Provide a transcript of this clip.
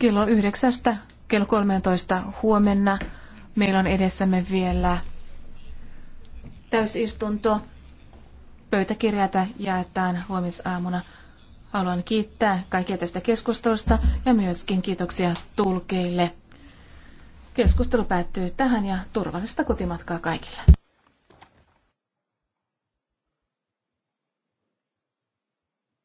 Kello yhdeksästä, kello 13 huomenna meillä on edessämme vielä täysistunto. Pöytäkirjata jaetaan huomisaamuna. Haluan kiittää kaikkia tästä keskustelusta ja myöskin kiitoksia tulkeille. Keskustelu päättyy tähän ja turvallista kotimatkaa kaikille.